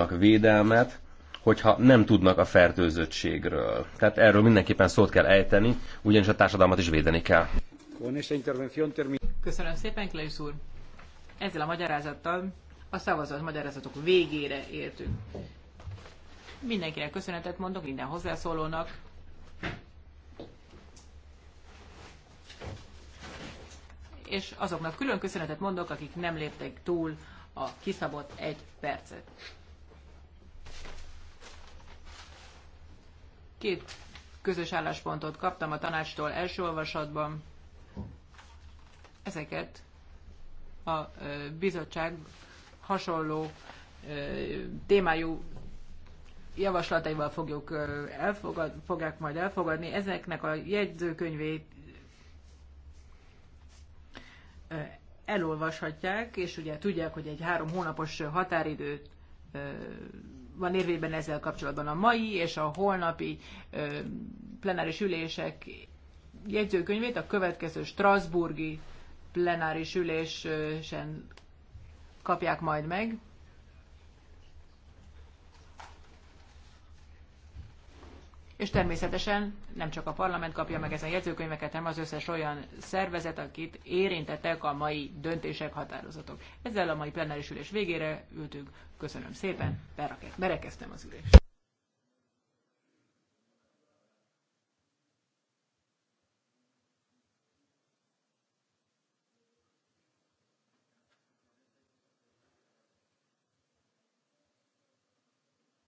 kapnak védelmet, hogyha nem tudnak a fertőzöttségről. Tehát erről mindenképpen szót kell ejteni, ugyanis a társadalmat is védeni kell. Köszönöm szépen, Klejsz úr! Ezzel a magyarázattal a szavazat magyarázatok végére értünk. Mindenkinek köszönetet mondok, minden hozzászólónak. És azoknak külön köszönetet mondok, akik nem léptek túl a kiszabott egy percet. Két közös álláspontot kaptam a tanácstól első olvasatban. Ezeket a bizottság hasonló témájú javaslataival fogjuk elfogad, fogják majd elfogadni. Ezeknek a jegyzőkönyvét elolvashatják, és ugye tudják, hogy egy három hónapos határidőt van érvényben ezzel kapcsolatban a mai és a holnapi plenáris ülések jegyzőkönyvét a következő Strasburgi plenáris ülésen kapják majd meg. és természetesen nem csak a parlament kapja meg ezen jegyzőkönyveket, hanem az összes olyan szervezet, akit érintettek a mai döntések, határozatok. Ezzel a mai plenáris ülés végére ültünk. Köszönöm szépen, berekeztem az ülést.